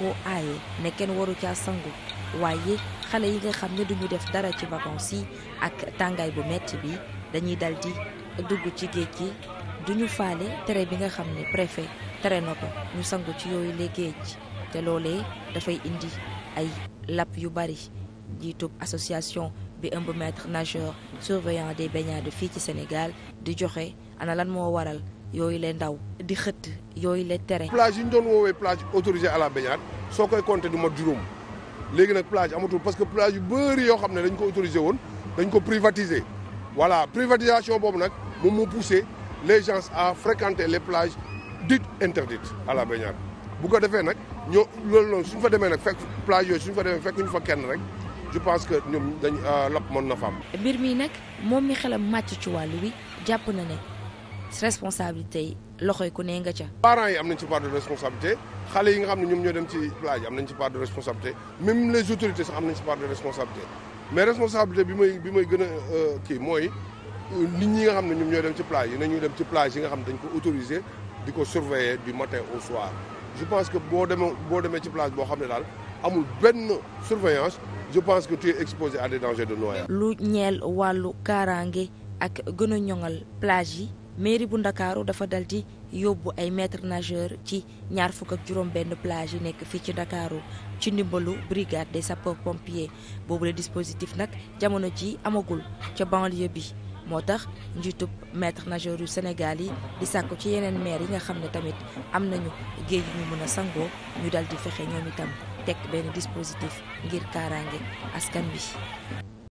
koo aaye ne kenn waru caa sangu waaye xale yi nga xam ne duñu def dara ci vacances yi ak tàngaay bu metti bi dañuy dal di dugg ci géej gi duñu faale tere bi nga xam ne préfet tere na ko ñu sangu ci yooyu le géej te loolee dafay indi ay lapp yu bari jiitub association bi ëmb maître nageur surveillant des baignades fii ci Sénégal di joxe ana lan moo waral yooyu le ndaw di xëtt yooyu la tere. plage yi ñu doon woowee plage autorisée à la baignade soo koy compter du mat juróom léegi nag plage amatul parce que plage yu bëri yoo xam ne dañ ko autorisé woon dañ ko privatiser voilà privatisation boobu nag moom moo poussé les gens à fréquenter les plages dites interdites à la baignade bu ko defee nag ñoo loolu noonu suñ fa demee nag fekk plage yooyu suñ fa demee fekk ñu fa kenn rek je pense que ñoom dañ ah, lapp mën na fa am. mbir mi nag moom mi xelam màcc ci wàll wi jàpp na responsabilité yi loxo yi ku ne nga ca. parent yi am nañ ci part xale yi nga xam ne ñoom ñoo dem ci plage am nañ ci part de responsabilité même les autorités sax am nañ ci part de responsabilité mais bi may bi may gën a euh, kii mooy nit ñi nga xam ne ñoom ñoo dem ci plage yi nañuy dem ci plage yi nga xam ne dañ ko autorisé di ko surveiller du matin au soir je pense que boo demee boo demee ci plage boo xam ne daal amul benn surveillance je pense que tu es exposé à des dangers de noyade. lu ñeel wàllu kaaraange ak gën a ñoŋal plage yi. mairie bu ndakaaru dafa dal di yóbbu ay maître nageur ci ñaar fukk ak juróom benn plage yi nekk fii ci ndakaaru ci ndimbalu brigade des sapeurs pompiers boobu le dispositif nag jamono ji amagul ca banlieue bi moo tax njiitub maître nageur yu senegal yi di sàkku ci yeneen maire yi nga xam ne tamit am nañu géej ñu mën a sangoo ñu dal di fexe ñoom itam teg benn dispositif ngir kaaraange askan bi